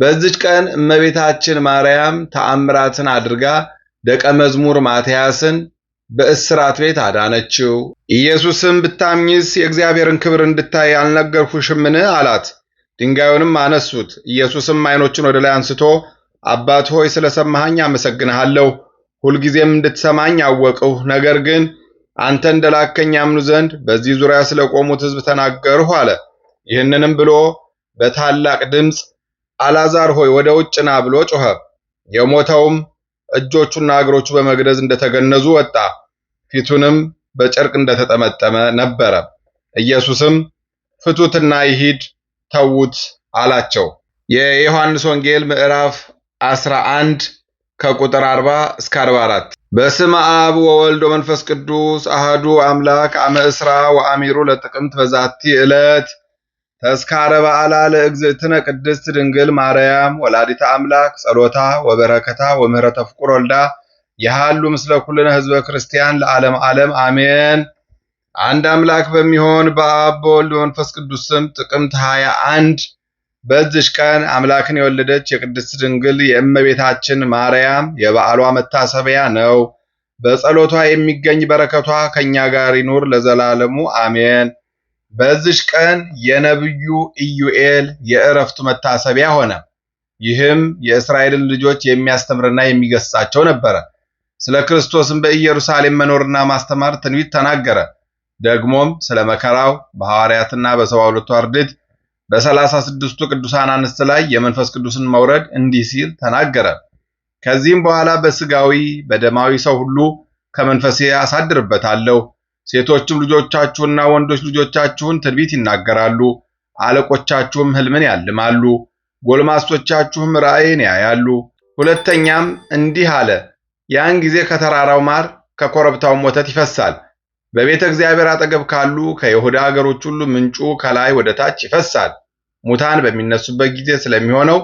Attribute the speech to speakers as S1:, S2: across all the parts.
S1: በዚች ቀን እመቤታችን ማርያም ተአምራትን አድርጋ ደቀ መዝሙር ማትያስን በእስራት ቤት አዳነችው። ኢየሱስም ብታምኝስ የእግዚአብሔርን ክብር እንድታይ አልነገርሁሽምን? አላት። ድንጋዩንም አነሱት። ኢየሱስም ዓይኖቹን ወደ ላይ አንስቶ አባት ሆይ ስለ ሰማኸኝ አመሰግንሃለሁ። ሁልጊዜም እንድትሰማኝ አወቅሁ። ነገር ግን አንተ ላከኝ ያምኑ ዘንድ በዚህ ዙሪያ ስለ ቆሙት ሕዝብ ተናገርሁ አለ። ይህንንም ብሎ በታላቅ ድምፅ አላዛር ሆይ ወደ ውጭ ና ብሎ ጮኸ። የሞተውም እጆቹና እግሮቹ በመግረዝ እንደተገነዙ ወጣ፣ ፊቱንም በጨርቅ እንደተጠመጠመ ነበረ። ኢየሱስም ፍቱትና ይሂድ ተዉት አላቸው። የዮሐንስ ወንጌል ምዕራፍ 11 ከቁጥር 40 እስከ 44 በስመ አብ ወወልድ ወመንፈስ ቅዱስ አህዱ አምላክ አመ እስራ ወአሚሩ ለጥቅምት በዛቲ ዕለት ተስካረ በዓላ ለእግዝእትነ ቅድስት ድንግል ማርያም ወላዲተ አምላክ ጸሎታ ወበረከታ ወምህረተ ፍቁር ወልዳ የሃሉ ምስለ ኩልነ ህዝበ ክርስቲያን ለዓለም ዓለም አሜን። አንድ አምላክ በሚሆን በአብ በወልድ በመንፈስ ቅዱስ ስም ጥቅምት 21 አንድ በዚች ቀን አምላክን የወለደች የቅድስት ድንግል የእመቤታችን ማርያም የበዓሏ መታሰቢያ ነው። በጸሎቷ የሚገኝ በረከቷ ከእኛ ጋር ይኑር ለዘላለሙ አሜን። በዚች ቀን የነብዩ ኢዩኤል የእረፍቱ መታሰቢያ ሆነ። ይህም የእስራኤልን ልጆች የሚያስተምርና የሚገሥጻቸው ነበረ። ስለ ክርስቶስም በኢየሩሳሌም መኖርና ማስተማር ትንቢት ተናገረ። ደግሞም ስለ መከራው በሐዋርያትና በሰባ ሁለቱ አርድእት በሰላሳ ስድስቱ ቅዱሳን አንስት ላይ የመንፈስ ቅዱስን መውረድ እንዲህ ሲል ተናገረ። ከዚህም በኋላ በስጋዊ በደማዊ ሰው ሁሉ ከመንፈሴ አሳድርበታለሁ ሴቶችም ልጆቻችሁና ወንዶች ልጆቻችሁን ትንቢት ይናገራሉ፣ አለቆቻችሁም ሕልምን ያልማሉ፣ ጎልማሶቻችሁም ራእይን ያያሉ። ሁለተኛም እንዲህ አለ፣ ያን ጊዜ ከተራራው ማር ከኮረብታውም ወተት ይፈሳል። በቤተ እግዚአብሔር አጠገብ ካሉ ከይሁዳ አገሮች ሁሉ ምንጩ ከላይ ወደ ታች ይፈሳል። ሙታን በሚነሱበት ጊዜ ስለሚሆነው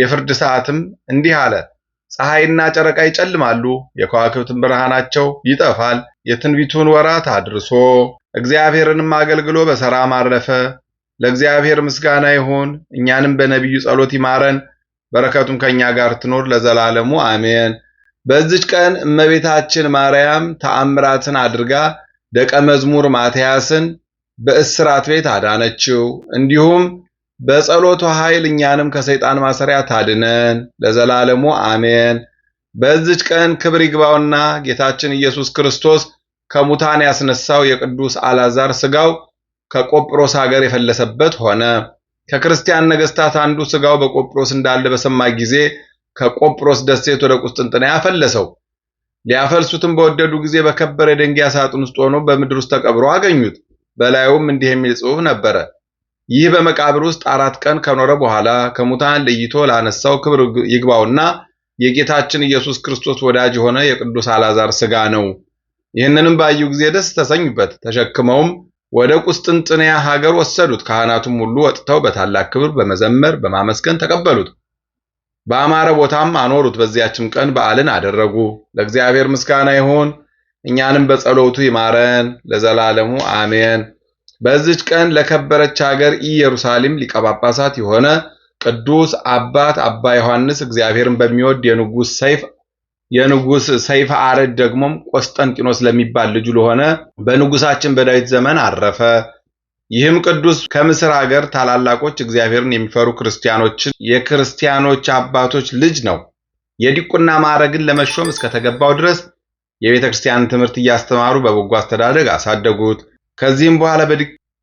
S1: የፍርድ ሰዓትም እንዲህ አለ ፀሐይና ጨረቃ ይጨልማሉ፣ የከዋክብትን ብርሃናቸው ይጠፋል። የትንቢቱን ወራት አድርሶ እግዚአብሔርንም አገልግሎ በሰላም አረፈ። ለእግዚአብሔር ምስጋና ይሁን፣ እኛንም በነቢዩ ጸሎት ይማረን፣ በረከቱም ከእኛ ጋር ትኖር ለዘላለሙ አሜን። በዚች ቀን እመቤታችን ማርያም ተአምራትን አድርጋ ደቀ መዝሙር ማትያስን በእስራት ቤት አዳነችው። እንዲሁም በጸሎቱ ኃይል እኛንም ከሰይጣን ማሰሪያ ታድነን ለዘላለሙ አሜን። በዚች ቀን ክብር ይግባውና ጌታችን ኢየሱስ ክርስቶስ ከሙታን ያስነሳው የቅዱስ አልዓዛር ሥጋው ከቆጵሮስ ሀገር የፈለሰበት ሆነ። ከክርስቲያን ነገሥታት አንዱ ሥጋው በቆጵሮስ እንዳለ በሰማ ጊዜ ከቆጵሮስ ደሴት ወደ ቁስጥንጥንያ ያፈለሰው ሊያፈልሱትም በወደዱ ጊዜ በከበረ የደንጊያ ሳጥን ውስጥ ሆኖ በምድር ውስጥ ተቀብሮ አገኙት። በላዩም እንዲህ የሚል ጽሑፍ ነበረ ይህ በመቃብር ውስጥ አራት ቀን ከኖረ በኋላ ከሙታን ለይቶ ላነሳው ክብር ይግባውና የጌታችን ኢየሱስ ክርስቶስ ወዳጅ የሆነ የቅዱስ አልዓዛር ሥጋ ነው። ይህንንም ባዩ ጊዜ ደስ ተሰኙበት። ተሸክመውም ወደ ቁስጥንጥንያ ሀገር ወሰዱት። ካህናቱም ሁሉ ወጥተው በታላቅ ክብር በመዘመር በማመስገን ተቀበሉት። በአማረ ቦታም አኖሩት። በዚያችም ቀን በዓልን አደረጉ። ለእግዚአብሔር ምስጋና ይሁን፣ እኛንም በጸሎቱ ይማረን ለዘላለሙ አሜን። በዚች ቀን ለከበረች ሀገር ኢየሩሳሌም ሊቀ ጳጳሳት የሆነ ቅዱስ አባት አባ ዮሐንስ እግዚአብሔርን በሚወድ የንጉሥ ሰይፍ የንጉሥ ሰይፈ አረድ ደግሞም ቆስጠንጢኖስ ለሚባል ልጁ ለሆነ በንጉሳችን በዳዊት ዘመን አረፈ። ይህም ቅዱስ ከምስር ሀገር ታላላቆች እግዚአብሔርን የሚፈሩ ክርስቲያኖችን የክርስቲያኖች አባቶች ልጅ ነው። የዲቁና ማዕረግን ለመሾም እስከተገባው ድረስ የቤተ ክርስቲያን ትምህርት እያስተማሩ በበጎ አስተዳደግ አሳደጉት። ከዚህም በኋላ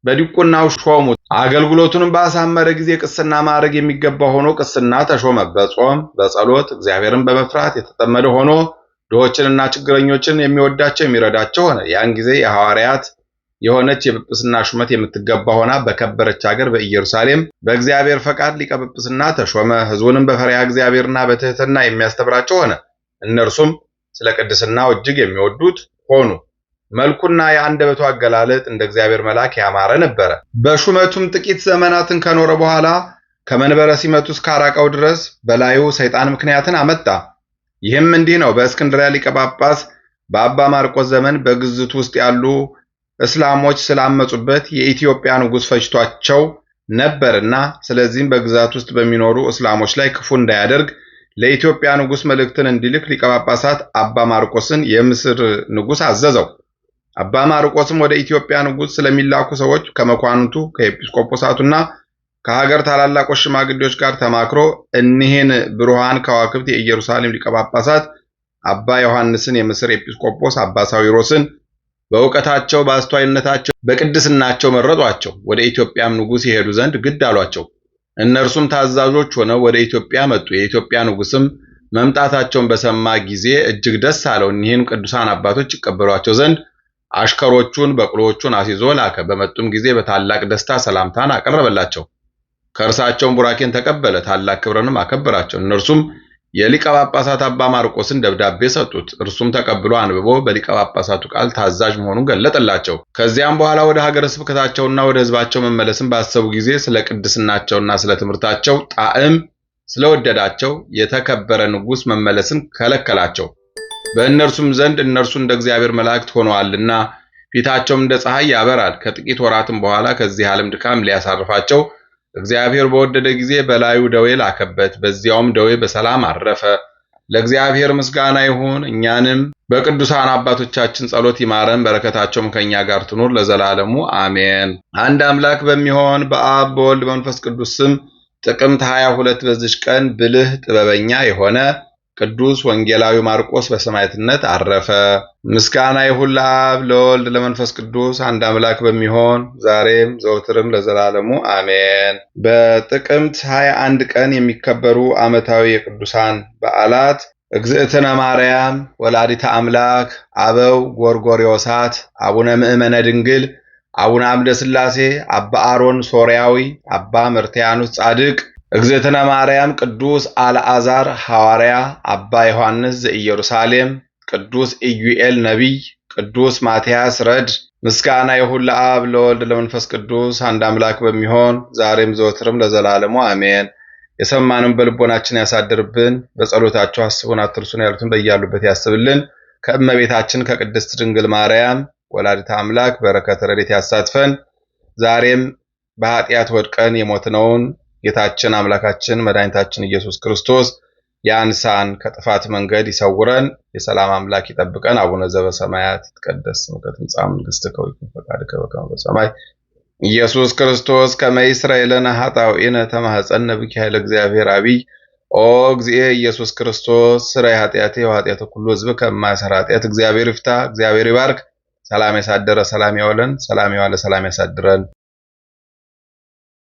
S1: በዲቁናው ሾሙት። አገልግሎቱንም ባሳመረ ጊዜ ቅስና ማዕረግ የሚገባ ሆኖ ቅስና ተሾመ። በጾም በጸሎት እግዚአብሔርን በመፍራት የተጠመደ ሆኖ ድሆችንና ችግረኞችን የሚወዳቸው የሚረዳቸው ሆነ። ያን ጊዜ የሐዋርያት የሆነች የጵጵስና ሹመት የምትገባ ሆና በከበረች ሀገር በኢየሩሳሌም በእግዚአብሔር ፈቃድ ሊቀ ጵጵስና ተሾመ። ሕዝቡንም በፈሪያ እግዚአብሔርና በትህትና የሚያስተምራቸው ሆነ። እነርሱም ስለ ቅድስናው እጅግ የሚወዱት ሆኑ። መልኩና የአንደበቱ አገላለጥ እንደ እግዚአብሔር መልአክ ያማረ ነበረ። በሹመቱም ጥቂት ዘመናትን ከኖረ በኋላ ከመንበረ ሲመቱ እስካራቀው ድረስ በላዩ ሰይጣን ምክንያትን አመጣ። ይህም እንዲህ ነው። በእስክንድሪያ ሊቀ ጳጳስ በአባ ማርቆስ ዘመን በግዝቱ ውስጥ ያሉ እስላሞች ስላመጹበት የኢትዮጵያ ንጉሥ ፈጅቷቸው ነበርና ስለዚህም በግዛት ውስጥ በሚኖሩ እስላሞች ላይ ክፉ እንዳያደርግ ለኢትዮጵያ ንጉሥ መልእክትን እንዲልክ ሊቀ ጳጳሳት አባ ማርቆስን የምስር ንጉሥ አዘዘው። አባ ማርቆስም ወደ ኢትዮጵያ ንጉሥ ስለሚላኩ ሰዎች ከመኳንቱ ከኤጲስቆጶሳቱና ከሀገር ታላላቆች ሽማግሌዎች ጋር ተማክሮ እኒህን ብሩሃን ከዋክብት የኢየሩሳሌም ሊቀ ጳጳሳት አባ ዮሐንስን፣ የምስር ኤጲስቆጶስ አባ ሳዊሮስን በእውቀታቸው በአስተዋይነታቸው በቅድስናቸው መረጧቸው። ወደ ኢትዮጵያም ንጉሥ ይሄዱ ዘንድ ግድ አሏቸው። እነርሱም ታዛዦች ሆነው ወደ ኢትዮጵያ መጡ። የኢትዮጵያ ንጉሥም መምጣታቸውን በሰማ ጊዜ እጅግ ደስ አለው። እኒህን ቅዱሳን አባቶች ይቀበሏቸው ዘንድ አሽከሮቹን በቅሎቹን አስይዞ ላከ። በመጡም ጊዜ በታላቅ ደስታ ሰላምታን አቀረበላቸው። ከእርሳቸውም ቡራኬን ተቀበለ፣ ታላቅ ክብርንም አከበራቸው። እነርሱም የሊቀ ጳጳሳት አባ ማርቆስን ደብዳቤ ሰጡት። እርሱም ተቀብሎ አንብቦ በሊቀ ጳጳሳቱ ቃል ታዛዥ መሆኑን ገለጠላቸው። ከዚያም በኋላ ወደ ሀገረ ስብከታቸውና ወደ ሕዝባቸው መመለስን ባሰቡ ጊዜ ስለ ቅድስናቸውና ስለ ትምህርታቸው ጣዕም ስለወደዳቸው የተከበረ ንጉሥ መመለስን ከለከላቸው። በእነርሱም ዘንድ እነርሱ እንደ እግዚአብሔር መላእክት ሆነዋልና ፊታቸውም እንደ ፀሐይ ያበራል። ከጥቂት ወራትም በኋላ ከዚህ ዓለም ድካም ሊያሳርፋቸው እግዚአብሔር በወደደ ጊዜ በላዩ ደዌ ላከበት። በዚያውም ደዌ በሰላም አረፈ። ለእግዚአብሔር ምስጋና ይሁን። እኛንም በቅዱሳን አባቶቻችን ጸሎት ይማረን፣ በረከታቸውም ከእኛ ጋር ትኑር ለዘላለሙ አሜን። አንድ አምላክ በሚሆን በአብ በወልድ በመንፈስ ቅዱስ ስም ጥቅምት 22 በዚች ቀን ብልህ ጥበበኛ የሆነ ቅዱስ ወንጌላዊ ማርቆስ በሰማዕትነት አረፈ። ምስጋና ይሁን ለአብ ለወልድ ለመንፈስ ቅዱስ አንድ አምላክ በሚሆን ዛሬም ዘወትርም ለዘላለሙ አሜን። በጥቅምት 21 ቀን የሚከበሩ ዓመታዊ የቅዱሳን በዓላት እግዝእትነ ማርያም ወላዲተ አምላክ፣ አበው ጎርጎርዮሳት፣ አቡነ ምእመነ ድንግል፣ አቡነ አምደ ሥላሴ፣ አባ አሮን ሶርያዊ፣ አባ መርትያኖስ ጻድቅ እግዝእትነ ማርያም ቅዱስ አልዓዛር ሐዋርያ፣ አባ ዮሐንስ ዘኢየሩሳሌም፣ ቅዱስ ኢዩኤል ነቢይ፣ ቅዱስ ማትያስ ረድ። ምስጋና ይሁን ለአብ ለወልድ ለመንፈስ ቅዱስ አንድ አምላክ በሚሆን ዛሬም ዘወትርም ለዘላለሙ አሜን። የሰማንም በልቦናችን ያሳድርብን፣ በጸሎታቸው አስቡን አትርሱን ያሉትን በያሉበት ያስብልን። ከእመቤታችን ከቅድስት ድንግል ማርያም ወላዲተ አምላክ በረከት ረድኤት ያሳትፈን። ዛሬም በኃጢአት ወድቀን የሞትነውን ጌታችን አምላካችን መድኃኒታችን ኢየሱስ ክርስቶስ ያንሳን፣ ከጥፋት መንገድ ይሰውረን፣ የሰላም አምላክ ይጠብቀን። አቡነ ዘበሰማያት ይትቀደስ ስምከ ትምጻእ መንግሥትከ ወይኩን ፈቃድከ በከመ በሰማይ ኢየሱስ ክርስቶስ ከመ ይስራኤለነ ኃጣውኢነ ተማኅፀነ ኃይለ እግዚአብሔር አብይ ኦ እግዚእ ኢየሱስ ክርስቶስ ስራይ ኃጢአቴ ወኃጢአተ ኩሉ ሕዝብ ከማያሰራ ኃጢአት እግዚአብሔር ይፍታ፣ እግዚአብሔር ይባርክ። ሰላም ያሳደረ ሰላም ያወለን ሰላም ያዋለ ሰላም ያሳድረን።